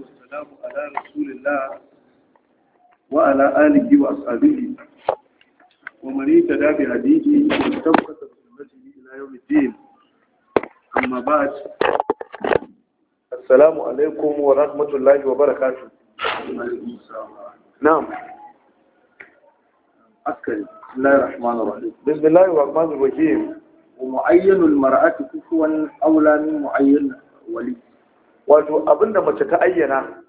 والسلام على رسول الله وعلى آله وأصحابه ومن اهتدى بهديه واستبقت بسنته إلى يوم الدين أما بعد السلام عليكم ورحمة الله وبركاته نعم أكل بسم الله الرحمن الرحيم بسم الله الرحمن الرحيم ومعين المرأة كفوا أولى من معين ولي wato abinda mace ta ayyana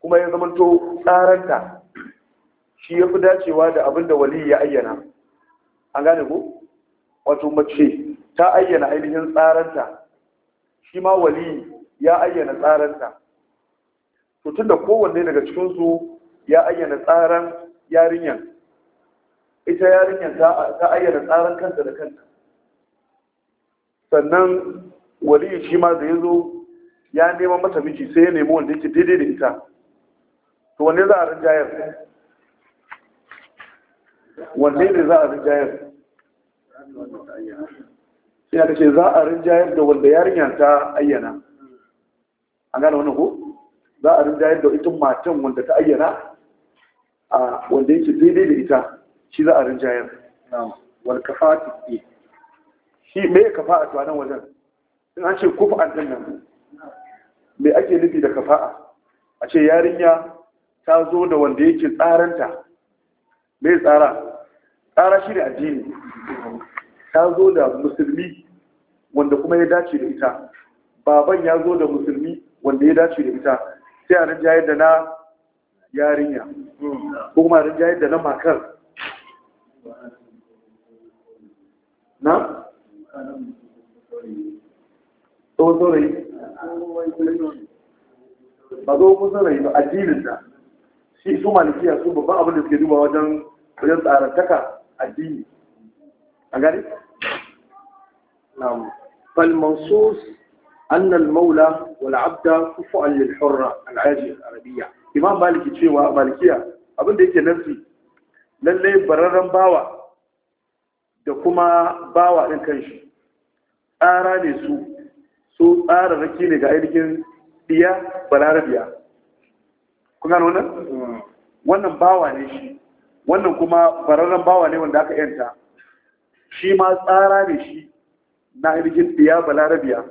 kuma ya zamanto tsaranta shi ya fi dacewa da abinda wali ya ayyana an gane ku? wato mace ta ayyana ainihin tsaranta shi ma wali ya ayyana tsaranta to da kowanne daga cikinsu ya ayyana tsaran yarinyan ita yarinyan ta ayyana tsaran kanta da kanta sannan wali shi ma da ya zo ya neman mata miji sai ya nemi wanda yake daidai da ita to wanne za a rinjayar wanne ne za a rinjayar sai aka ce za a rinjayar da wanda yarinya ta ayyana A gane wani ko za a rinjayar da ita matan wanda ta ayyana a wanda yake daidai da ita shi za a rinjayar Wani kafa a kafatu shi me kafa a nan wajen in an ce kufa an nan me ake nufi da kafa'a a ce yarinya ta zo da wanda yake tsaranta me tsara tsara shi ne addini ta zo da musulmi wanda kuma ya dace da ita baban ya zo da musulmi wanda ya dace da ita sai a rinjayar da na yarinya ko kuma rinjayar da na makar na? tsohon saurayi ba zo mun sanar yi addinin da shi su malikiya su babban abin da suke duba wajen wajen tsarantaka addini a gari? na'am fal mansus أن المولى والعبد كفؤا للحرة العاجية arabiya. إمام مالكي cewa malikiya abin da yake nasi lalle bararren bawa da kuma bawa din kanshi tsara ne su su tsararraki ne ga ainihin biya balarabiya kun gano wannan wannan bawa ne shi wannan kuma bararren bawa ne wanda aka yanta shi ma tsara ne shi na ainihin biya balarabiya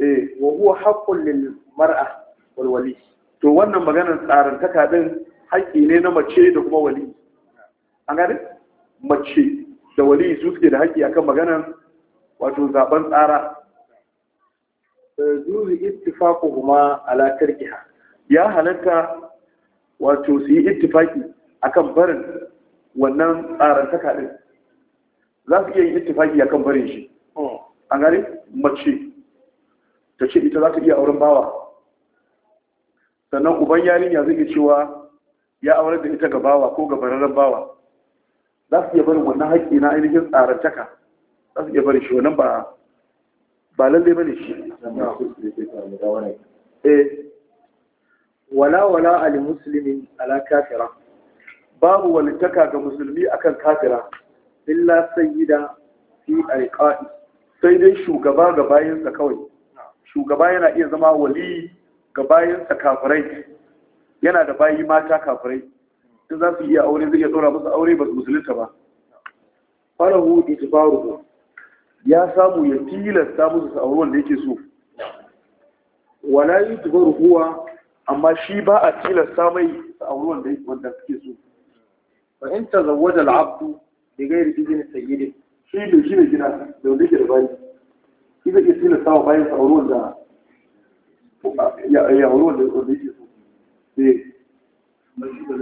eh wa huwa haqqul lil mar'a wal wali to wannan maganar tsarantaka din haƙƙi ne na mace da kuma wali an gane mace da wali su suke da haƙƙi akan maganar wato zaben tsara zuzu ittifaquhuma ala tarkiha ya halatta wato su yi ittifaki akan barin wannan tsarantaka din za su iya yin ittifaki akan barin shi A gari mace ta ce ita za ta iya auren bawa sannan uban yarinya zai iya cewa ya aure da ita ga bawa ko ga bararren bawa za su iya barin wannan haƙƙi na ainihin tsarantaka za su iya barin shi wannan ba ba lalle ne shi eh wala wala al muslimin ala kafira babu walitaka ga musulmi akan kafira illa sayyida fi alqa'i sai dai shugaba ga bayansa kawai shugaba yana iya zama wali ga bayansa kafirai yana da bayi mata kafirai sun za su iya aure zai iya tsora musu aure ba su musulunta ba falahu ijbaruhu ya samu ya tilasta musu su da wanda yake so wala yi tubar huwa amma shi ba a tilasta mai su auri wanda wanda suke so Ba in tazawwaja al-abdu bi ghairi idni sayyidi shi bai gina gina da wanda yake da bayi shi zai tilasta wa bayan su auri wanda ya eh. auri wanda yake so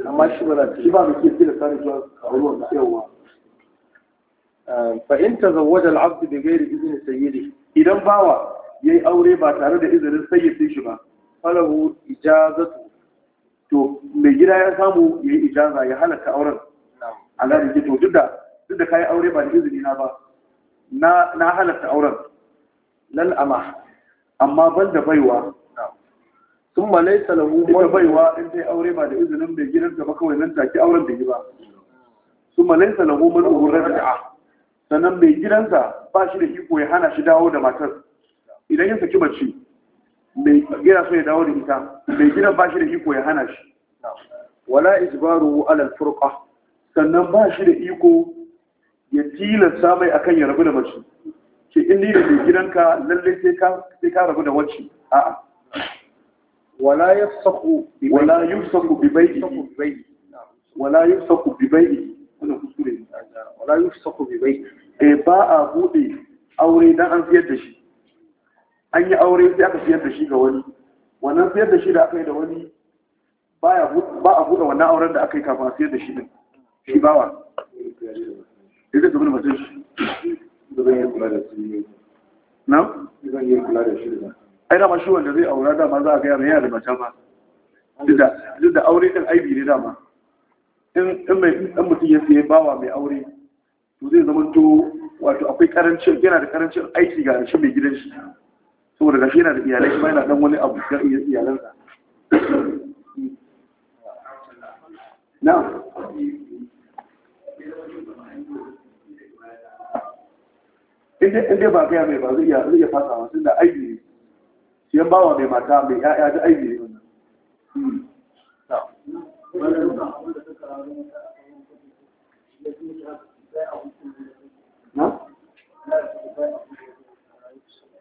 amma shi ba shi ba mai ke tilasta ne zuwa auri wanda yawa fa in tazawwaja al-abd bi ghairi izni sayyidi idan bawa yayi aure ba tare da izinin sayyidin shi ba falahu ijazatu to mai gida ya samu yayi ijaza ya halaka auren a gani ke to duk da duk da kai aure ba da izini na ba na halatta halaka auren lal ama amma ban da baiwa sun malaita lahu wani baiwa in ta yi aure ba da izinin mai gidan ta ba kawai nan take auren da yi ba sun malaita lahu man uhurra da sannan mai gidansa ba shi da iko ya hana shi dawo da matar idan ya saki mace mai gina so ya dawo da ita mai gidan ba shi da iko ya hana shi wala izbaru alal furqa sannan ba shi da iko ya tilasta mai akan ya rabu da mace ke in ni da mai gidanka lalle sai ka sai ka rabu da wacce a'a wala yafsaku wala yafsaku bi bai'i wala yafsaku bi bai'i wannan kuskure ne wala yusaqu bi bai eh ba a bude aure dan an siyar da shi an yi aure sai aka siyar da shi ga wani wannan siyar da shi da aka yi da wani ba a bude wannan auren da aka yi kafin a siyar da shi din shi bawa sai da gabin mutum shi zan yi kula da shi na zan yi kula da shi da ai da shi wanda zai aura dama za a ga yana da mata ma duk da aure ɗin aibi ne dama in mutum ya siye bawa mai aure to zai zama to wato akwai karancin yana da karancin aiki ga shi mai gidan shi saboda gashi yana da iyalai kuma yana dan wani abu ga iyalansa na in dai ba gaya mai ba zai iya fasawa tun da aiki ne siyan bawa mai mata mai 'ya'ya da aiki ne wannan hmm.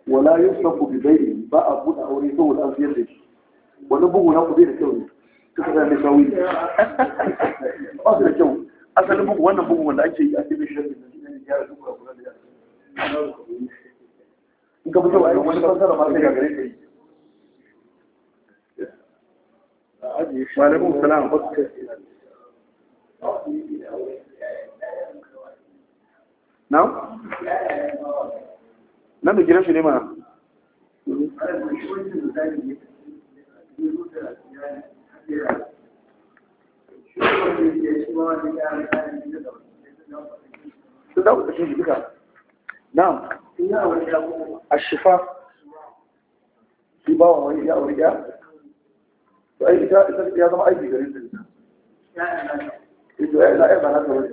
wala yusafu bi bai'in ba a buɗe aure saboda an siyar da shi wani bugu na ku da kyau ne kuka da mai sawi ba su da kyau asalin bugu wannan bugu wanda ake yi a cikin shirin da ne ya rubuta kula da yara in ka fito ayi wani fassara ma sai ga gare ka yi wa alaikum salam nan da gidan shi ya wuri zama aiki ito ya eh, wani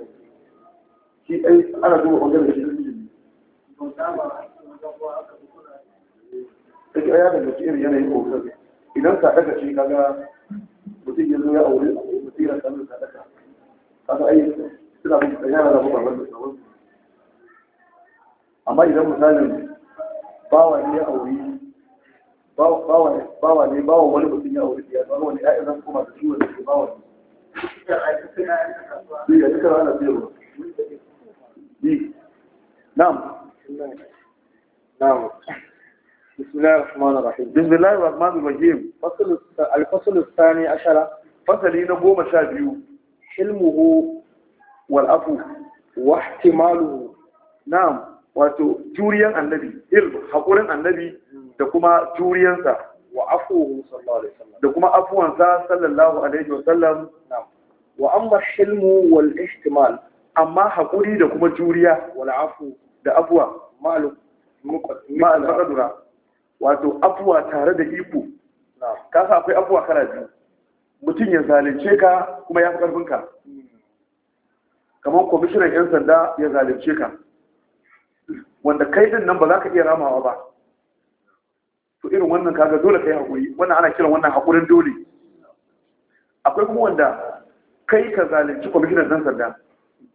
eh, eh, ana duba ɓangaren shi ne ya idan ka daga shi kaga mutum ya ya aure mutum ya samu ka daga kaga ai suna bin tsayara da kuma wanda sabon amma idan misalin bawa ne ya aure bawa ne bawa wani mutum ya aure ya zama wani ya'ya zan koma da shi wanda ke bawa ne Iya, duka ana biyarwa. Na'am. Na'am. بسم الله الرحمن الرحيم بسم الله الرحمن الرحيم فصل الفصل الثاني عشر فصل هنا قوم شابيو حلمه والأفو واحتماله نعم wato juriyan annabi ilm haƙurin annabi da kuma juriyansa da kuma afuwansa sallallahu alaihi wasallam wa amma hilmu wal ihtimal amma hakuri da kuma juriya wal afu da afuwa ma'al ma'al wato afuwa tare da iko ka sa akwai afuwa kana biyu mutum ya zalunce ka kuma ya fi karfin ka hmm. kamar kwamishinan yan sanda ya zalunce ka wanda kai din nan ba za ka iya ramawa ba irin wannan kaga dole kai hakuri wannan ana kiran wannan hakurin dole akwai kuma wanda kai ka zalunci kwamishinan ɗan sanda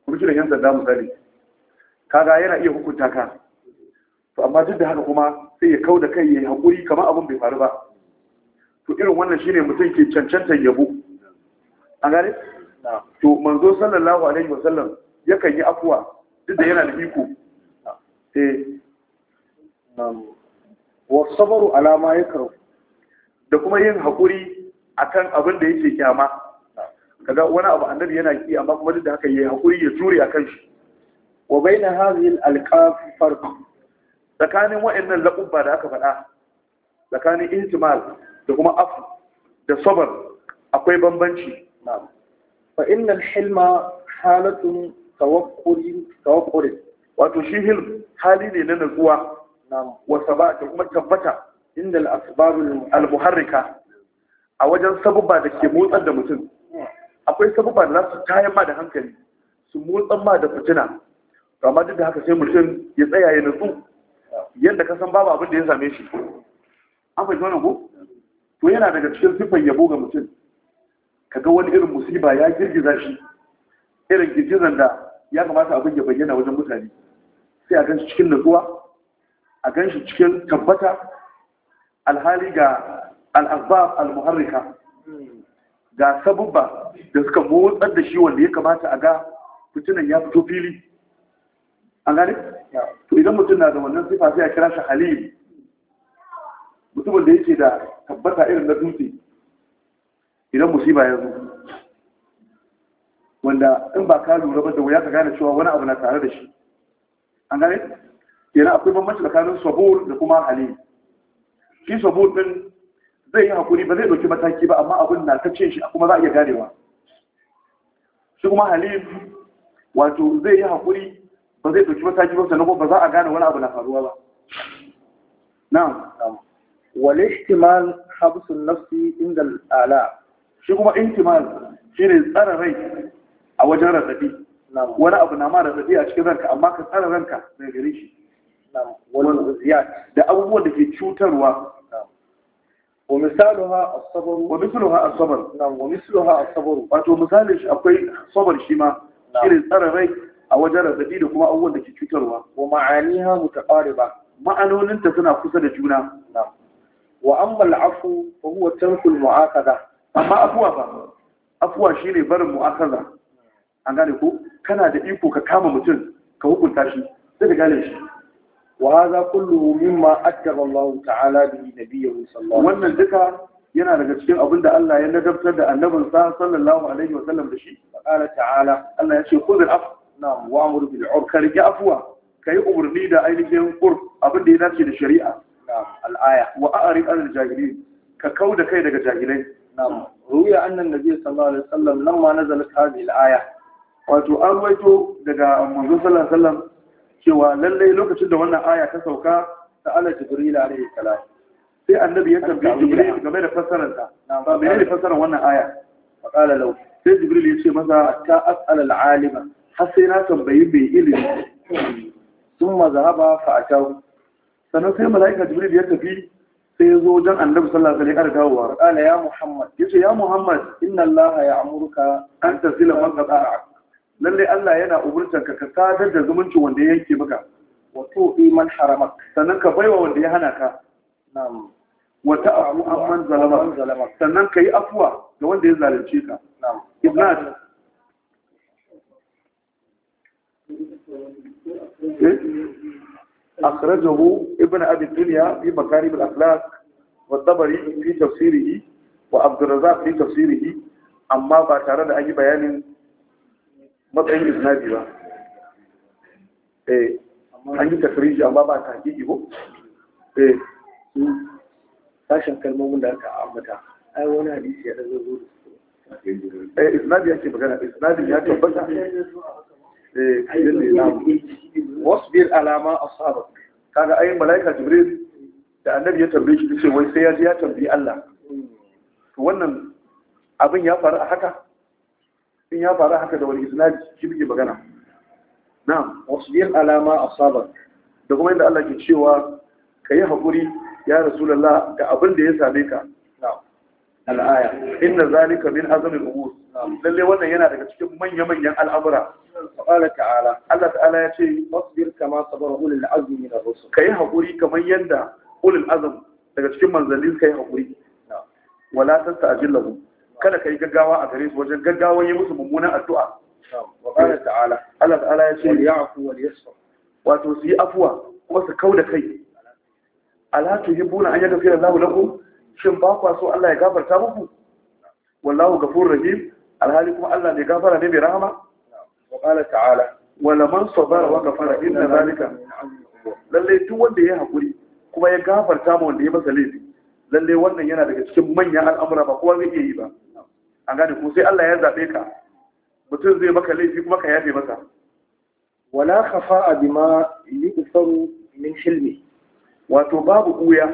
kwamishinan yan sanda misali kaga yana iya hukunta ka to amma duk da haka kuma sai ya kau da kai ya yi hakuri kamar abin bai faru ba to irin wannan shine mutum ke cancantar yabo an gane to manzo sallallahu alaihi wasallam yakan yi afuwa duk da yana da iko sai sabaru alama ya karu da kuma yin haƙuri akan abin da yake kyama kaga wani abu annabi yana ki amma kuma duk da haka yayi haƙuri ya jure akan shi wa baina hadhihi alqaf farq tsakanin wa'annan laqubba da aka faɗa tsakanin ihtimal da kuma afu da sabar akwai bambanci na'am fa innal hilma halatun tawakkul tawakkul wato shi hilm hali ne na natsuwa Wasaba ba da kuma tabbata inda al'asbarun al'muharrika. a wajen sabubba da ke motsar da mutum akwai sabubba da za su tayan ma da hankali su motsar ma da fitina amma duk da haka sai mutum ya tsaya ya nutsu yadda ka san babu abin da ya same shi an fahimci wannan ko to yana daga cikin siffan yabo ga mutum ga wani irin musiba ya girgiza shi irin girgizan da ya kamata abin ya bayyana wajen mutane sai a gan cikin nutsuwa a gan shi cikin tabbata alhali ga al'azbab al-muharrika ga sabubba da suka motsar da shi wanda ya kamata a ga fitinan ya fito fili an gane? to idan mutum na da wannan sifa sai a kira shi halim mutumin da yake da tabbata irin na dutse idan musiba ya zo wanda in ba ka lura ba da wuya ka gane cewa wani abu na tare da shi an gane? Yana akwai bambanci tsakanin sabur da kuma hali shi sabur din zai yi hakuri ba zai ɗauki mataki ba amma abin na ta cin shi kuma za a iya ganewa shi kuma hali wato zai yi hakuri ba zai ɗauki mataki ba sannan ba za a gane wani abu na faruwa ba na'am wal ihtimal habsu nafsi inda ala shi kuma ihtimal shine tsara rai a wajen radadi wani abu na ma radadi a cikin ranka amma ka tsara ranka daga gare shi wani ziya da abubuwan da ke cutarwa wa misaluha as-sabr wa mithluha as-sabr wato misalin shi akwai sabar shi ma irin tsara rai a wajen radadi da kuma abubuwan da ke cutarwa wa ma'aniha mutaqariba ma'anonin ta suna kusa da juna na'am wa amma al-afu fa huwa tarkul amma afuwa afuwa shine barin gane ko kana da iko ka kama mutum ka hukunta shi sai ka gane shi وهذا كله مما أدب الله تعالى به نبيه صلى الله عليه وسلم وأن ذكر yana daga cikin abin da Allah ya nadabtar da annabin sa sallallahu alaihi wa sallam da shi qala ta'ala Allah ya ce khudh af na'am wa amur bil urf ka rike afwa kai umurni da ainihin urf abin da ya dace da shari'a na'am al-aya wa a'rid an al-jahilin ka kauda kai daga jahilai na'am ruya anna annabi sallallahu alaihi wa sallam lamma nazalat hadhihi al-aya wato an waito daga manzo sallallahu alaihi wa sallam cewa lallai lokacin da wannan aya ta sauka ta ala jibril alaihi salam sai annabi ya tambayi jibril game da fassarar ta ba menene fassarar wannan aya fa qala law sai jibril ya ce maza ta as'al al alima har sai na tambayi bai ilimi thumma zahaba fa atau sannan sai malaika jibril ya tafi sai ya zo wajen annabi sallallahu alaihi wasallam dawowa qala ya muhammad yace ya muhammad inna allaha ya'muruka an tasila man qata'a lalle Allah yana umurtan ka ka sadar da zumunci wanda ya yanke maka wato iman harama, haramak sannan ka baiwa wanda ya hana ka na'am wa ta'fu amman zalama sannan ka yi afwa ga wanda ya zalunce ka na'am أخرجه ابن أبي الدنيا في مكارم الأخلاق والطبري في تفسيره وعبد الرزاق في تفسيره أما بيان matsayin biyu ba eh an yi tafriji amma ba ta hakiki ko eh sashen kalmomin da aka ambata ai wani hadisi ya dazo zo eh ya yake magana isnadi ya tabbata eh yadda ya wasu biyar alama sabon kaga ayin malaika jibril da annabi ya tambaye shi ce wai sai ya ji ya tambayi Allah to wannan abin ya faru a haka in ya faru haka da wani isnadi shi muke magana na'am yin alama a asaba da kuma inda Allah ke cewa ka yi haƙuri ya rasulullah ga abin da ya same ka na'am al'aya inna zalika min azmil umur lalle wannan yana daga cikin manya-manyan al'amura qala ta'ala Allah ta'ala ya ce wasbir kama sabara ulul azmi min ar-rusul kai haƙuri kamar yanda ulul azm daga cikin manzanni suka yi hakuri wala tasta'jil lahum kada ka yi gaggawa a gare su wajen gaggawa yi musu mummunan addu'a wa qala ta'ala Allah ta'ala ya ce ya'fu wa yasfa wato su yi afuwa kuma su kauda kai ala tuhibbuna an yaghfira Allahu lakum shin ba kwa so Allah ya gafarta muku wallahu ghafurur rahim alhali kuma Allah ne gafara ne mai rahama wa qala ta'ala wa laman sabara wa ghafara inna zalika lalle duk wanda ya hakuri kuma ya gafarta ma wanda ya masa laifi lalle wannan yana daga cikin manyan al'amura ba kowa zai iya yi ba an gane ko sai Allah ya zaɓe ka mutum zai maka laifi kuma ka yafe masa wala khafa'a bima yusaru min hilmi wato babu kuya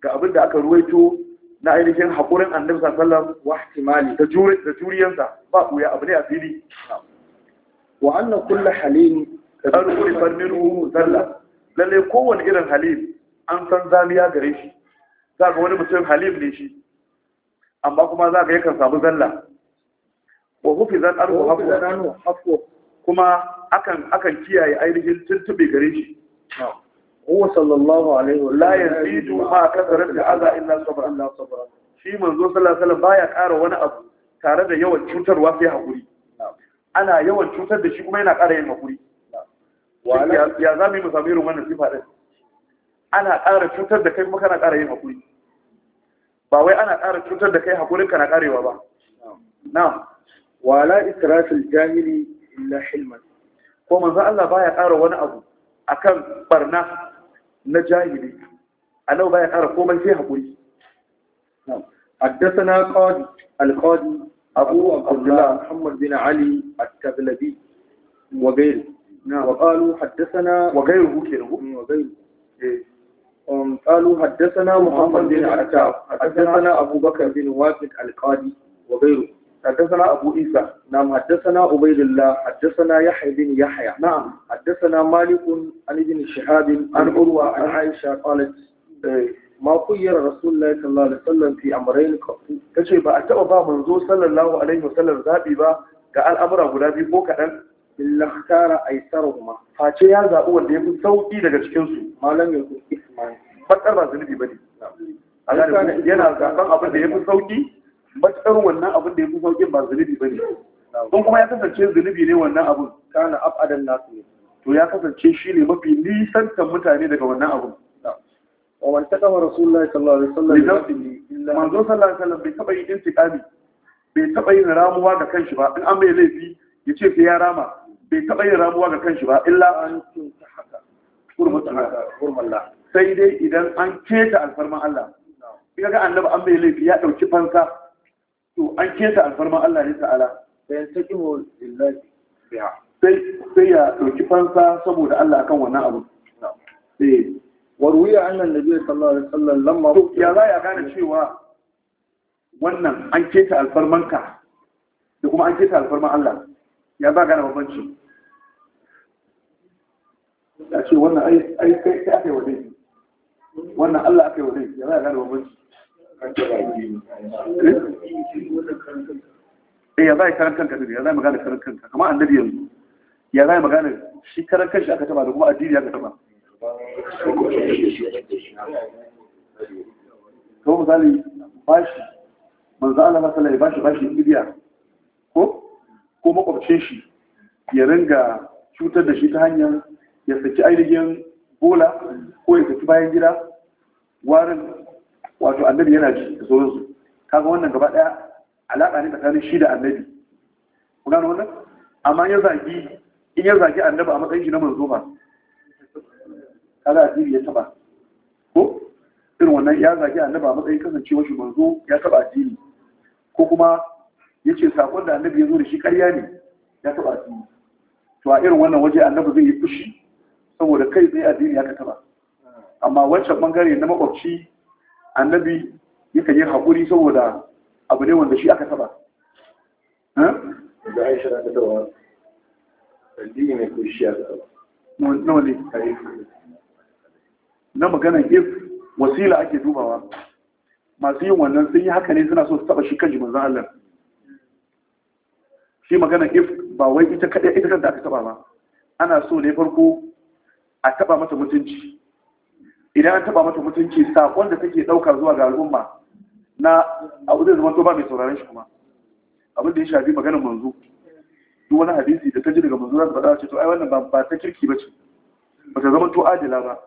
ga abin da aka ruwaito na ainihin haƙurin annabi sallallahu wa ihtimali da juri da ba kuya abu ne a fili wa anna kullu halin arqul farmiru zalla lalle kowane irin halin an san zaliya gare shi za ga wani mutum halim ne shi amma kuma za ka yi kan samu zalla wa zan arhu hafu kuma akan akan kiyaye ainihin tuntube gare shi huwa sallallahu alaihi wa la yazidu ma kasarat aza illa sabra illa sabra shi manzo sallallahu alaihi ba baya ƙara wani abu tare da yawan cutarwa sai hakuri ana yawan cutar da shi kuma yana ƙara yin hakuri ya za mu yi mu irin wannan sifa din ana ƙara cutar da kai kuma kana ƙara yin hakuri ba wai ana ƙara cutar da kai haƙurin ka na ƙarewa ba na'am Wala la israfil jahili illa hilman ko manzo Allah baya ƙara wani abu akan barna na jahili annabi baya ƙara komai sai haƙuri na'am حدثنا قاضي القاضي أبو عبد الله محمد بن علي التغلبي وغيره وقالوا حدثنا وغيره كيره وغيره قالوا حدثنا محمد بن عتاب حدثنا أبو بكر بن وافد القاضي وغيره حدثنا أبو إيسى نعم حدثنا عبيد الله حدثنا يحيى بن يحيى نعم حدثنا مالك عن ابن شهاب عن عروة عن عائشة قالت ما خير رسول الله صلى الله عليه وسلم في أمرين قبل كشي بأتبع منزول صلى الله عليه وسلم ذابي با كالأمر غلابي بو كأن yi kara aisarhuma face ya zaɓi wanda yafi sauki daga cikin su malam ya ku isman fatar ba zunubi bane Allah yana zaban abin da yafi sauki matsar wannan abin da yafi sauki ba zunubi bane don kuma ya kasance zunubi ne wannan abin kana abadan nasu to ya kasance shi ne mafi nisantan mutane daga wannan abin wa man taqama rasulullahi sallallahu alaihi wasallam manzo sallallahu alaihi wasallam bai taba yin intiqami bai taba yin ramuwa ga kanshi ba in an bai laifi ya ce sai ya rama bai taɓa yin ramuwa ga kanshi ba illa an cinta haka Allah sai dai idan an keta alfarman Allah in ga annabi an bai laifi ya ɗauki fansa to an keta alfarman Allah ne ta'ala sai ta kiwo lillahi sai sai ya ɗauki fansa saboda Allah kan wannan abu sai eh. warwiya annan nabi sallallahu alaihi wasallam lamma ya za ya gane cewa wannan an keta alfarmanka da kuma an keta alfarman Allah ya ba gane bambanci ya ce wannan ai kai aka yi wa wannan Allah aka yi wa ya ba gane bambanci eh, ya za a yi karan kanka ya za a magana karan kanka kamar annabi yanzu ya za a magana shi karan kanshi aka taba da kuma addini aka taba kawai misali bashi manzo Allah masala ya bashi bashi ibiya ko ko makwabcin shi ya ringa cutar da shi ta hanyar ya saki ainihin bola ko ya saki bayan gida warin wato annabi yana ji da sauransu kaga wannan gaba daya alaƙa ne tsakanin shi da annabi ku gano wannan amma ya zagi in ya zagi annabi a matsayin shi na manzo ba kaga addini ya taba ko irin wannan ya zagi annabi a matsayin kasancewa shi manzo ya taba addini ko kuma yace sakon da annabi ya zo da shi ƙarya ne ya taba addini to a irin wannan waje annabi zai yi fushi saboda kai tsaye addini ya ka taba amma wancan bangare na makwabci annabi yaka yi haƙuri saboda abu ne wanda shi aka taba da aisha na magana addini ne ko shi taba nawa ne na if wasila ake dubawa masu yin wannan sun yi haka ne suna so su taba shi kan jimin zahalar shi magana if ba wai ita kaɗai ita kanta aka taɓa ba ana so ne farko a taɓa mata mutunci idan an taɓa mata mutunci sakon da take ɗauka zuwa ga al'umma na abu zai zama to ba mai sauraron shi kuma abin da ya shafi maganar manzo duk wani hadisi da ta ji daga manzo za ta faɗa ce to ai wannan ba ta kirki ba ce ba ta zama to adila ba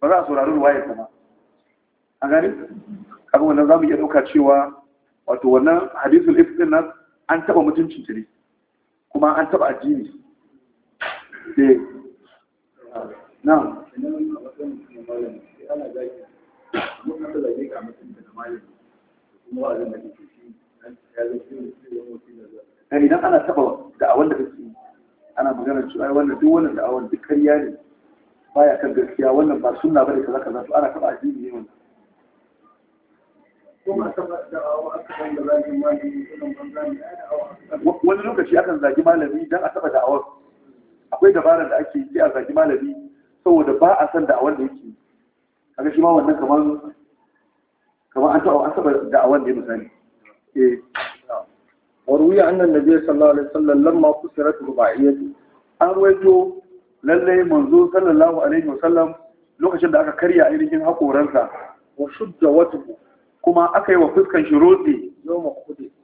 ba za a saurari ruwayar ta ba a gani kaga wannan za mu iya ɗauka cewa wato wannan hadisul ifsin nan an taɓa mutuncin ta ne kuma an taba addini eh na'am eh, idan ana taba da'awar da kake ana magana cewa wannan duk wannan da'awar duk kariya ne baya kan gaskiya wannan ba sunna bane kaza kaza to ana taba addini ne wannan wani lokaci akan zagi malami don a taba da'awar akwai dabarar da ake yi a zagi malami saboda ba a san da'awar da yake A shi ma wannan kamar kamar an taba an taba da'awar da ya misali eh waruwi annan nabi sallallahu alaihi wasallam lamma kusirat rubaiyatu an wajo lalle manzo sallallahu alaihi wasallam lokacin da aka karya ainihin hakoransa wa shudda watu kuma aka yi wa fuskan shi rotse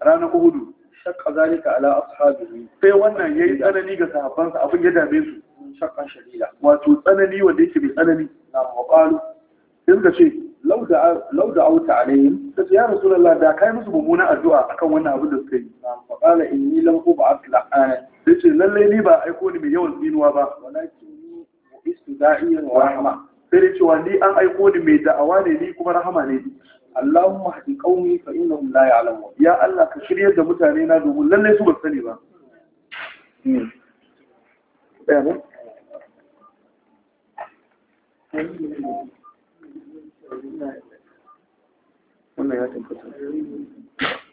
ranar uhudu shakka zalika ala ashabihi sai wannan yayi tsanani ga sahabbansa abin ya dame su shakkan shadida wato tsanani wanda yake mai tsanani na muqalu sai ka ce law da law da auta alaihim sai ya rasulullah da kai musu mummunan addu'a akan wannan abin da suka yi na muqala inni lam ub'ath la'ana sai ce lalle ni ba aiko ni mai yawan tsinuwa ba walakin istida'iyan wa rahma sai ce wa ni an aiko ni mai da'awa ne ni kuma rahama ne Allahumma hadi qaumi fa innahum la ya'lamun ya Allah ka shiryar da mutane na domin lallai su ba sani ba hmm. wannan ya tabbata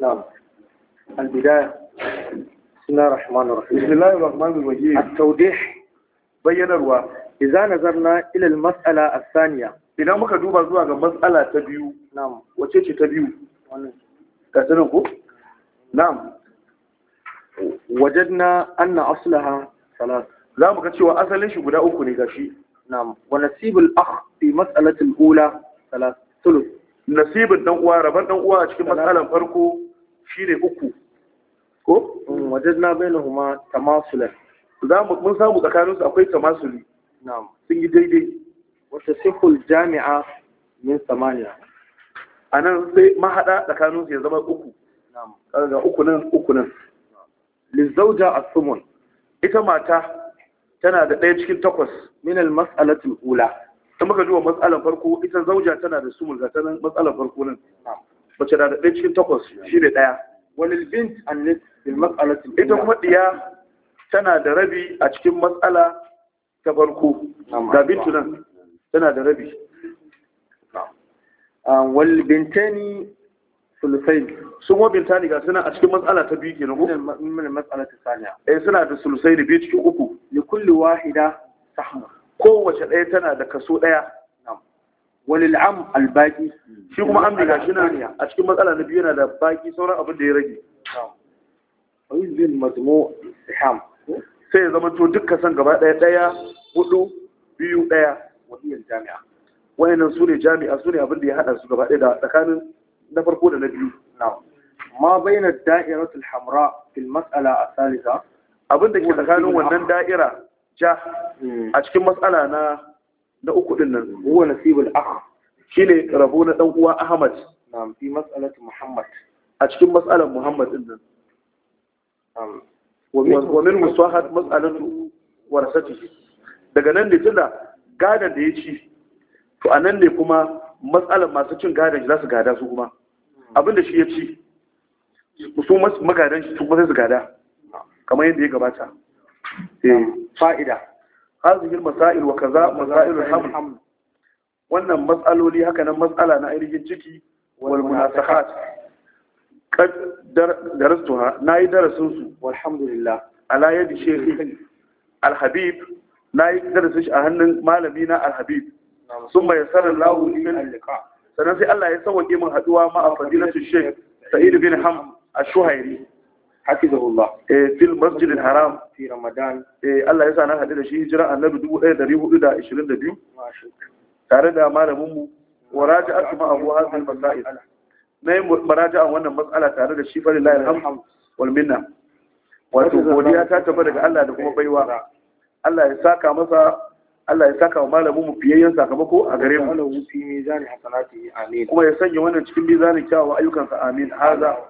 نعم البداية بسم الله الرحمن الرحيم بسم الله الرحمن الرحيم التوضيح bayyanarwa idza nazarna ila al-mas'ala ath-thaniya idan muka duba zuwa ga mas'ala ta biyu na'am ta biyu ka sanin ko na'am wajadna anna za mu ga cewa asalin shi guda uku ne gashi na'am wa nasibul akh fi nasibin uwa uwa a cikin mas'alan farko shine uku ko mm, wajadna bainahuma tamasulan za mu mun samu tsakanin su akwai tamasuli na'am sun yi daidai wata siful jami'a min samaniya anan sai mahada tsakanin su ya zama uku na'am kaga uku nan uku nan lizauja as-sumun ita mata tana da ɗaya cikin takwas min al-mas'alati al-ula ta muka duba mas'alar farko ita zauja tana da sumul ga ta nan mas'alar farko nan na'am mace na da ɗaya cikin takwas shi ne ɗaya walil bint an bil mas'alati ita kuma ɗiya tana da rabi a cikin matsala ta farko ga bintu nan tana da rabi ah, walil bintani sulusai sun wa bintani ga suna a cikin matsala ta biyu ke ko min matsala ta saniya eh suna da sulusai da biyu cikin uku Ni kulli wahida sahma kowace ɗaya tana da kaso ɗaya walil am albaki shi kuma an daga shi na a cikin matsala na biyu yana da baki sauran abin da ya rage rizin mazmu ham sai ya zama to dukkan san gaba daya daya hudu biyu daya wadiyan jami'a wayannan su ne jami'a su ne abin da ya hada su gaba daya da tsakanin na farko da na biyu ma bayyana da'iratul hamra fil mas'ala asalisa abin da ke tsakanin wannan da'ira ja hmm. a cikin matsala na na uku din nan huwa nasibul akh shine rabo na dan uwa Ahmad na'am fi mas'alati Muhammad a cikin mas'alar Muhammad din nan min wa min musahat mas'alatu warasati daga nan ne tunda gada da ya ci to anan ne kuma matsalar masu cin gada za su gada su kuma abinda shi ya ci su magadan shi su kuma su gada kamar yadda ya gabata fa'ida هذه المسائل وكذا مسائل الحمل wannan matsaloli haka nan matsala na ainihin ciki wal munasahat darastuha nayi darasin su walhamdulillah ala yadi shekhi alhabib nayi darasin shi a hannun malami na alhabib summa yassara lahu lil liqa sannan sai Allah ya sauke min haduwa ma a fadilatu shekh Sa'idu, bin ham ash hafizahullah eh fil masjidil haram fi eh, Allah ya sa na hadu da shi hijira annabi 1422 tare da malamin mu waraja asma abu hasan masail nayi muraja'a wannan matsala tare da shi falillahi alhamd wal minna wato godiya ta tabbata daga Allah da kuma baiwa Allah ya saka wa malamin mu fiyayyen sakamako a gare mu kuma ya sanya wannan cikin mizanin kyawawan ayyukansa amin haza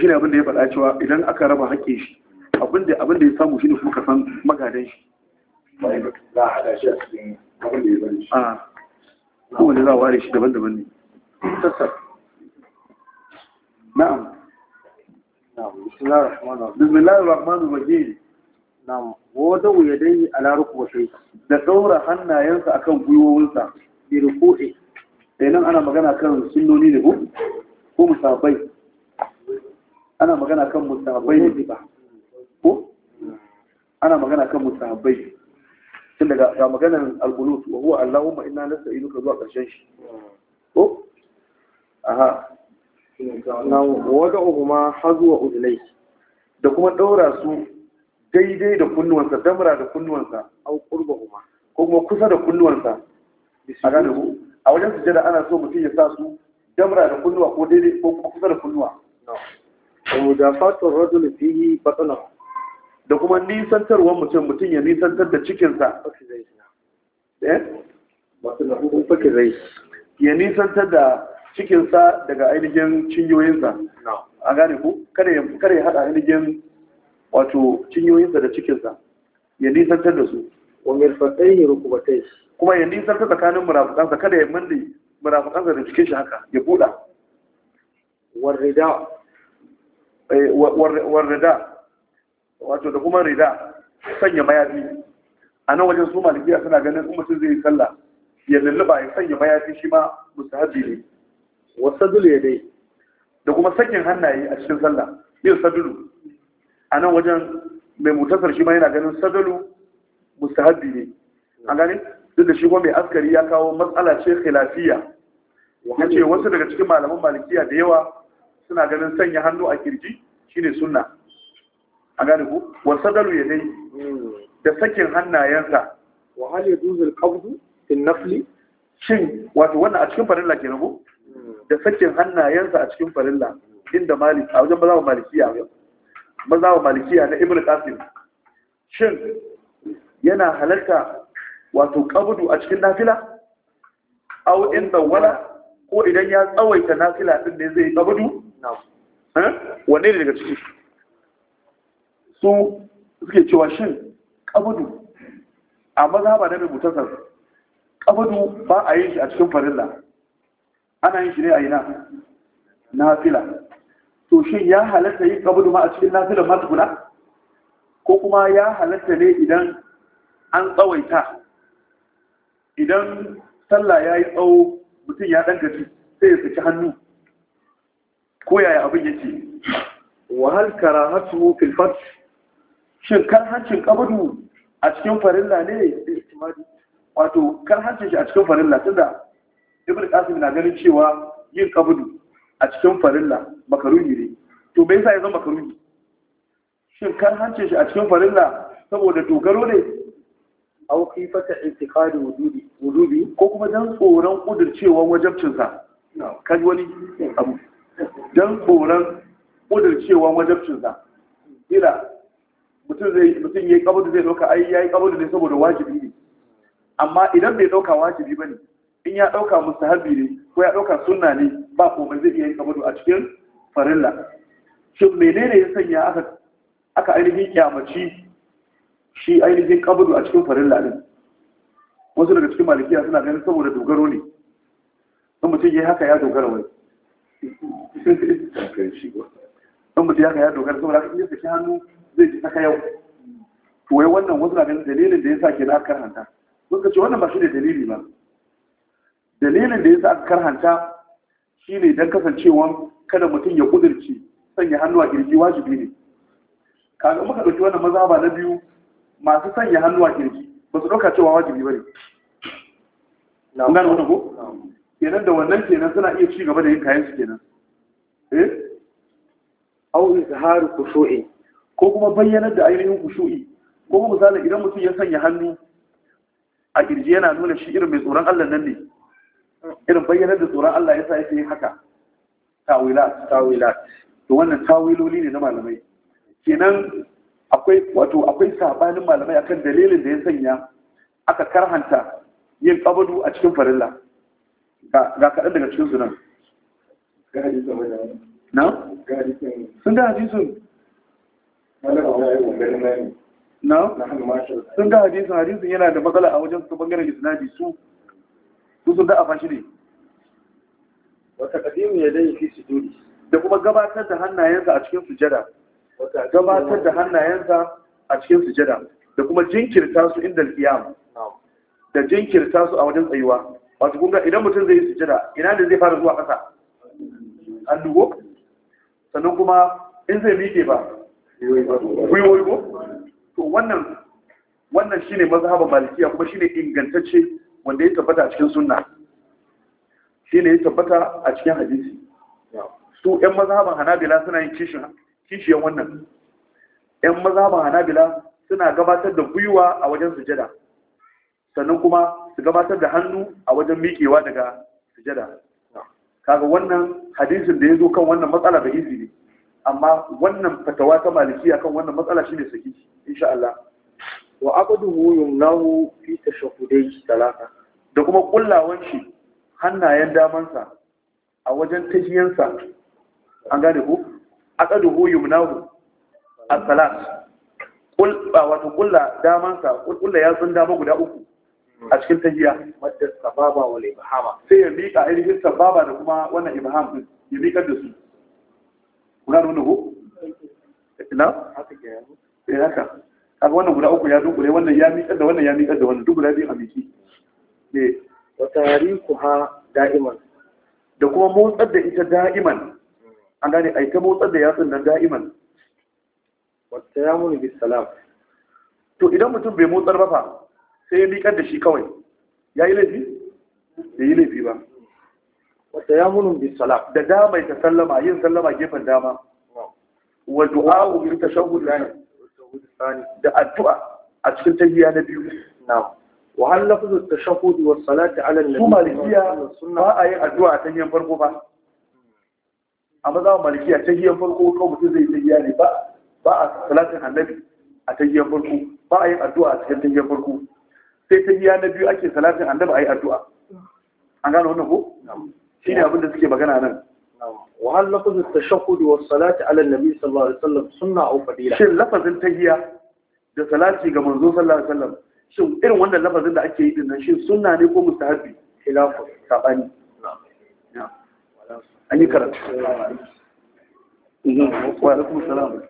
shi ne abin da ya faɗa cewa idan aka raba haƙƙin shi abin da ya samu shi ne kuka san magadan shi za a hada shi a cikin abin da ya shi a kowane za a ware shi daban-daban ne na'am na'am wa wuya dai da hannayensa gwiwowinsa ana magana kan sunnoni ne ko ko musabai ana magana kan musahabai ne ba ko ana magana kan musahabai tun daga ga maganar al-qunut wa huwa allahumma inna nas'aluka zuwa karshen shi ko aha na hazu wa udlai da kuma daura su daidai da kunnuwansa damra da kunnuwansa au qurbahuma ko kuma kusa da kunnuwansa a gane a wajen sujada ana so mutum ya sa su damra da kunnuwa ko daidai ko kusa da kunnuwa mudafatun rajul fihi batana da kuma tarwar mutum mutum ya nisantar da cikinsa eh? ya nisantar da cikinsa daga ainihin cinyoyinsa a gane ku kada ya haɗa ainihin wato cinyoyinsa da cikinsa ya nisantar da su wa ta yi. kuma ya nisantar tsakanin murafukansa kada ya mandi murafukansa da cikin shi haka ya buɗa warrida Eh, warrida wato da kuma rida sanya mayafi a nan wajen su malikiya suna ganin kuma sun zai yi sallah ya lulluba ya sanya mayafi shi ma mustahabi ne wasu dule ya dai da kuma sakin hannaye a cikin sallah yin sadulu a nan wajen mai mutasar shi ma yana ganin sadulu mustahabi ne an gani duk da shi kuma mai askari ya kawo matsala ce khilafiya ya ce wasu daga cikin malaman malikiya da yawa suna ganin sanya hannu a kirji shine sunna a gane ku wa ya dai da sakin hannayensa wa hal yajuzul qabdu fil nafli shin wato wannan a cikin farilla kenan ko da sakin hannayensa a cikin farilla inda malik a wajen mazawa malikiya mazawa malikiya na ibnu qasim shin yana halarta wato qabdu a cikin nafila aw inda wala ko idan ya tsawaita nafila din ne zai qabdu wanne ne daga ciki su suke cewa shin kabadu a mazhaba na rubutasar kabadu ba a yin shi a cikin farilla ana yin shi ne a yi na nafila to shin ya halatta yin kabadu ma a cikin nafilan masu tukuna ko kuma ya halatta ne idan an tsawaita idan sallah ya yi tsawo mutum ya ɗan gaji sai ya saki hannu ko yaya abin yake wa hal karahatu fil fard shin karhancin kabadu a cikin farilla ne istimadi wato karhancin shi a cikin farilla tunda ibnu qasim na ganin cewa yin kabadu a cikin farilla makaruhi ne to me yasa ya zama makaruhi shin karhancin shi a cikin farilla saboda dogaro ne au kifata intiqadi wudubi wujubi ko kuma dan tsoron kudircewa wajibcin sa kaji wani abu don tsoron ƙudurcewan majabcinsa ila mutum zai mutum yi kabudu zai dauka ai yi kabudu ne saboda wajibi ne amma idan bai dauka wajibi ba ne, in ya dauka mustahabi ne ko ya dauka sunna ne ba komai zai iya yin kabudu a cikin farilla shin menene ya sanya aka ainihin kyamaci shi ainihin kabudu a cikin farilla ne? wasu daga cikin malikiya suna ganin saboda dogaro ne in mutum yi haka ya dogara wani don mutum ya ka ya dogara saboda haka ya saki hannu zai ji saka yau to wai wannan wasu na ganin dalilin da ya sa ke na karhanta suka ce wannan ba shi ne dalili ba dalilin da ya sa aka karhanta shi ne don kasancewa kada mutum ya kudirci sanya hannu a kirji wajibi ne kaga muka ɗauki wannan mazhaba na biyu masu sanya hannu a kirji ba su ɗauka cewa wajibi ba ne. Na wannan ko? kenan da wannan kenan suna iya ci gaba da yin kayan su kenan eh au izharu khushu'i ko kuma bayyanar da ainihin khushu'i ko kuma misali idan mutum ya sanya hannu a kirji yana nuna shi irin mai tsoron Allah nan ne irin bayyanar da tsoron Allah yasa yake yin haka tawilat tawilat to wannan tawiloli ne na malamai kenan akwai wato akwai sabanin malamai akan dalilin da ya sanya aka karhanta yin kabadu a cikin farilla ga kaɗan daga cikinsu nan na? sun ga hadisun na? sun ga hadisun hadisun yana da matsala a wajen su bangaren isnadi su su sun da a fashi ne wata ya dai fi su da kuma gabatar da hannayensa a cikin sujada gabatar da hannayensa a cikin sujada da kuma jinkirta su inda alkiyama da jinkirta su a wajen tsayuwa wato kun ga idan mutum zai yi jira ina da zai fara zuwa ƙasa An ko sannan kuma in zai miƙe ba yi ko to wannan wannan shine mazhaban malikiya kuma shine ingantacce wanda ya tabbata a cikin sunna shine ya tabbata a cikin hadisi su ƴan mazhaban hanabila suna yin kishiyar kishiyan wannan ƴan mazhaban hanabila suna gabatar da gwiwa a wajen sujada sannan kuma su gabatar da hannu a wajen miƙewa daga sujada kaga wannan hadisin da ya zo kan wannan matsala da izini amma wannan fatawa ta malikiya kan wannan matsala shine saki insha Allah wa aqduhu yumnahu fi tashahhudai talata da kuma kullawan shi hannayen damansa a wajen tahiyansa an gane ku aqduhu yumnahu as-salat kul wato kulla damansa kulla yatsun dama guda uku a cikin tahiya wadda sababa wal ibhama sai ya miƙa ainihin sababa da kuma wannan ibham din ya miƙa da su kuna nuna ko ina haka ya ka? Eh, haka kaga wannan guda uku ya dukure wannan ya miƙa da wannan ya miƙa da wannan duk biyu a miƙi eh wa ha da'iman da kuma motsar da ita da'iman an gane a ita motsar da yatsun nan da'iman wata ya muni bisalam to idan mutum bai motsar ba fa sai ya liƙar da shi kawai ya yi laifi da yi laifi ba wata ya munun bi salam da dama ta sallama yin sallama gefen dama wa du'a'u bi tashahhud da addu'a a cikin tahiyya na biyu Na wa hal lafzu tashahhud wa salati ala an-nabi su malikiya ba a yin addu'a a tahiyyan farko ba a maza malikiya tahiyyan farko ko mutum zai tahiyya ne ba ba a salatin annabi a tahiyyan farko ba a yin addu'a a cikin tahiyyan farko sai ta hiya na biyu ake salatin annabi ayi addu'a an gano wannan ko shine abin da suke magana nan wa hal lafaz at-tashahhud wa salati ala an-nabi sallallahu alaihi wasallam sunna aw fadila shin lafazin tahiyya da salati ga manzo sallallahu alaihi wasallam shin irin wannan lafazin da ake yi din nan shin sunna ne ko mustahabi khilafu sabani an yi karatu wa alaikum salam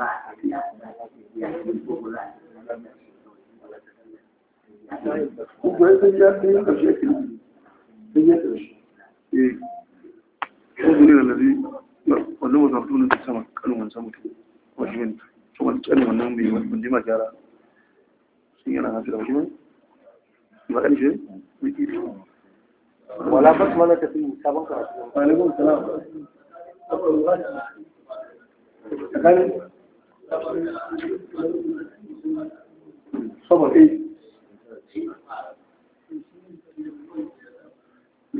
Gbogbo ẹgbẹ́ ní wanda da sama wancan wannan mai ma gyara sun yana hafi da shi wala ba su mana tafi sabon karatu ba ne ba saboda eh.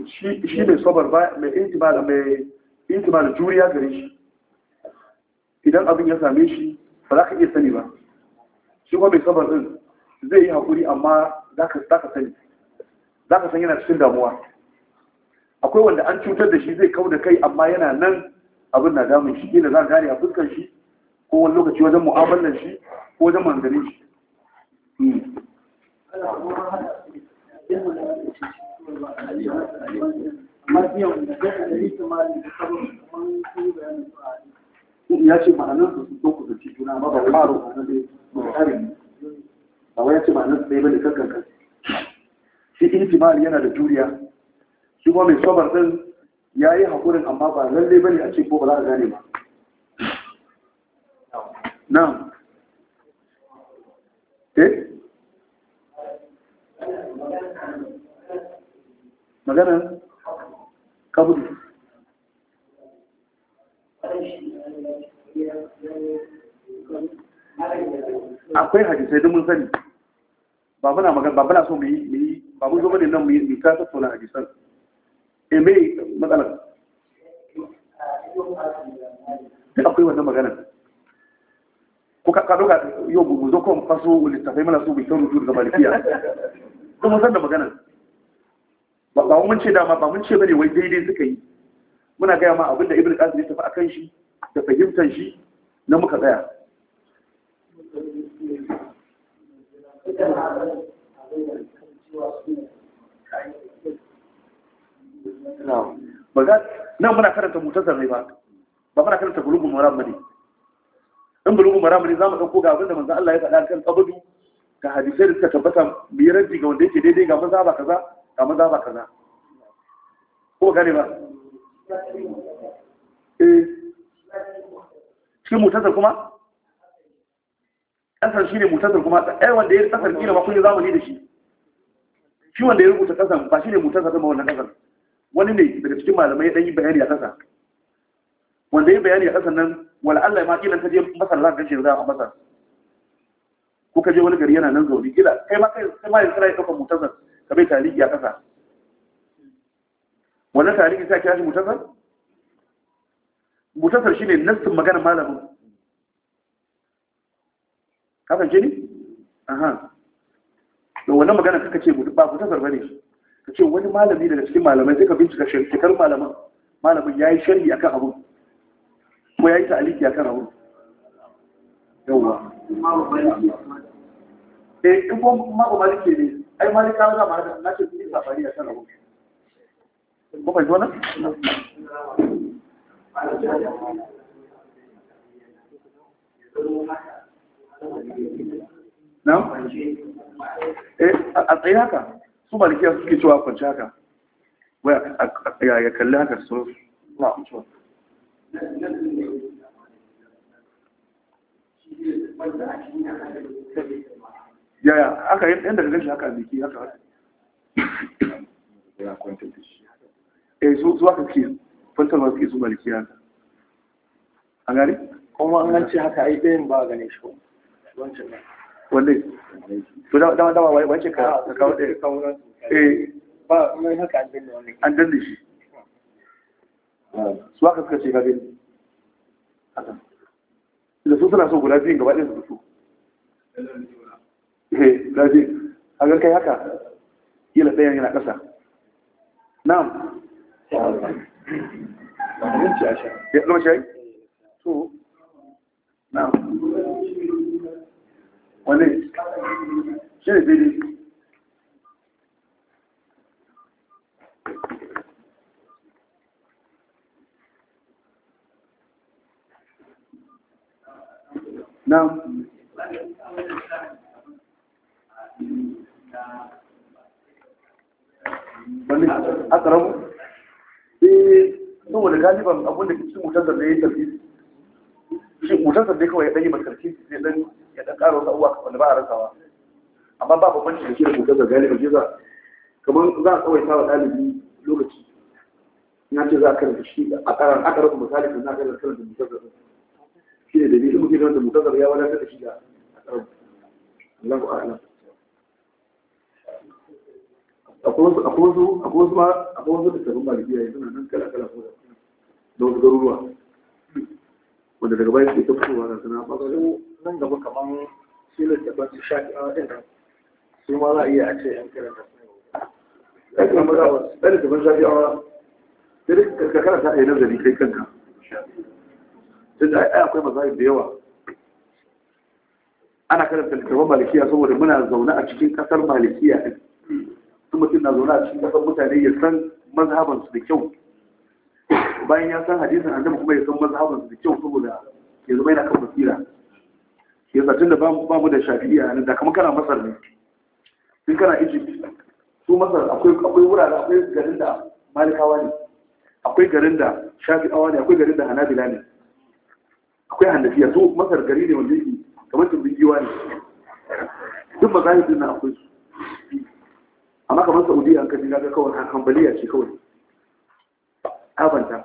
shi mai sabar mai intibala mai juriya gare shi idan abin ya same shi ba za ka iya sani ba shi kuma mai sabar din zai yi haƙuri amma za ka sani za ka san yana cikin damuwa akwai wanda an cutar da shi zai kau da kai amma yana nan abin na damun shi Ina za gane a fuskar shi ko wani lokaci wajen mu'amalar shi ko wajen manganin shi hmm. ya ce ma'anar su sun juna ba ba ba ya ce ba kankan shi yana da juriya shi mai sabar ɗin ya yi haƙurin amma ba lallai bane a ce ko ba za a gane ba na'am eh magana kaburi akwai hadisai don mun sani ba magana so mu yi ba zo bane nan mu yi ta hadisan eh me matsala, akwai wannan maganar ko ka ɗauka yau mu zo kan faso littafai mana su bai kan rubutu da malikiya kuma san magana ba ba mun ce dama ba mun ce bane wai daidai suka yi muna gaya ma abinda ibnu qasim ya tafi akan shi da fahimtar shi na muka tsaya ba muna karanta mutasar ne ba ba muna karanta gulubun maram ne in bulugu maram za zamu ɗauko ga abinda manzan Allah ya faɗa kan tsabudu ga hadisai da suka tabbata biyaranci ga wanda yake daidai ga maza ba kaza ga maza ba kaza ko gane ba shi eh. mutazar kuma shi shine mutazar kuma ɗaya wanda ya ƙasar kila ba kun zamani da shi shi wanda ya rubuta ƙasar ba shine mutazar ba wannan ƙasar, wani ne daga cikin malamai ya dan yi bayani a ƙasa wanda ya bayani a ƙasar nan wala Allah ma kila ka je masar za ka kashe a masar ko ka je wani gari yana nan zaune kila kai ma kai kai ma yanzu kana ɗaukar mutazar ka bai tarihi a ƙasa wannan tarihi sai kira shi mutazar mutazar shine nassin magana malamin ka fahimce ni aha to wannan magana kaka ce ba mutazar bane ka ce wani malami daga cikin malamai sai ka bincika shekarar malamin malamin ya yi sharhi akan abu. ko ya yi ta'aliki a kan rahoto yawwa eh in ko mako malike ne ai malika za ma da na ce yi safari a kan rahoto ko nan Nan? na? Eh, a tsaye haka su malikiya suke cewa kwanci haka ya kalli haka su na cewa yaya aka yi yadda ka ganshi haka a jiki haka haka eh su su haka ke fantarwa suke su maliki haka a gari kuma an ce haka ai ɗayan ba a gane shi wancan wanda to dama dama wace ka kawo ɗaya eh. ba mai haka an danne shi su aka suka shiga gabe da su suna so guda biyun gaba ɗaya su su eh, guda a ga kai haka yana ɗayan yana ƙasa na'am ya ɗan shayi? so na'am wane shi ne daidai na wani akaramu eh saboda galiban abin da cikin mutar da ya tafi shi mutar da kawai ya ɗanyi makarci zai ɗan ya ɗan ƙara wasu uwa wanda ba a rasawa amma ba babban ciki da mutar da galiban shi za kamar za a kawai sawa ɗalibi lokaci na ce za a karanta shi a ƙarar misali kan za a karanta karanta mutar da shi ne dalilin muke da ya wadatar da shi da akwai wasu akwai wasu suna nan kala kala ko da wasu garuruwa wanda daga baya suke tabbatowa da suna ɓangaren nan gaba kamar shi da ban sha a wajen nan su ma za a iya ce yan kira da ya kuma maza wasu ɗan da ban sha a wa sai dai ka karanta a yi nazari kai kanka duk da akwai mazahib da yawa ana karanta littattafan malikiya saboda muna zaune a cikin ƙasar malikiya ɗin su mutum na zaune a cikin ƙasar mutane ya san mazhabansu da kyau bayan ya san hadisin annabi kuma ya san mazhabansu da kyau saboda ya zama yana kan basira ya zaton da ba mu da shafi'iya nan da kamar kana masar ne in kana egypt su masar akwai akwai wurare akwai garin da malikawa ne akwai garin da shafi'awa ne akwai garin da hanabila ne akwai hannafiya to masar gari ne wanda yake kamar tumbin giwa ne duk mazahibin na akwai su amma kamar saudiya an kaji na ga kawai hambaliya ce kawai abanta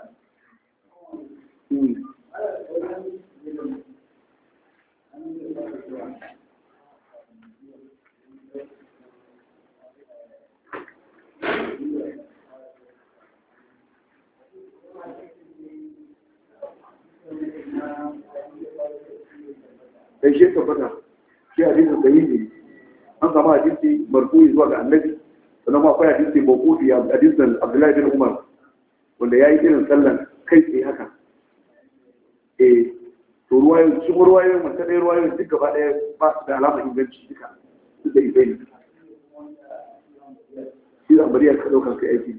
hmm. sai shi tabbata shi hadisin sahihi an samu hadisi marfu'i zuwa ga annabi sannan kuma akwai hadisi mawqufi hadisin Abdullahi bin Umar wanda ya yi irin sallan kai tsaye haka eh to ruwayoyin su ruwayoyin mun sai ruwayoyin duk gaba ɗaya ba su da alama inganci duka duk da ibani shi da bari ya ka dauka kai aiki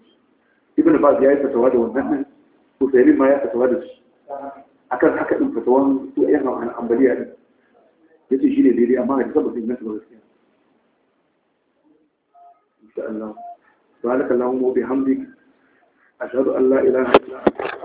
ibn ya yi fatawa da wannan to sai ma ya fatawa da shi akan haka din fatawan su ayyukan ambaliya din ya ce shi ne daidai amma hadisa ba su inganta ba gaskiya insha Allah subhanaka mu wa bihamdik ashhadu an la ilaha illa anta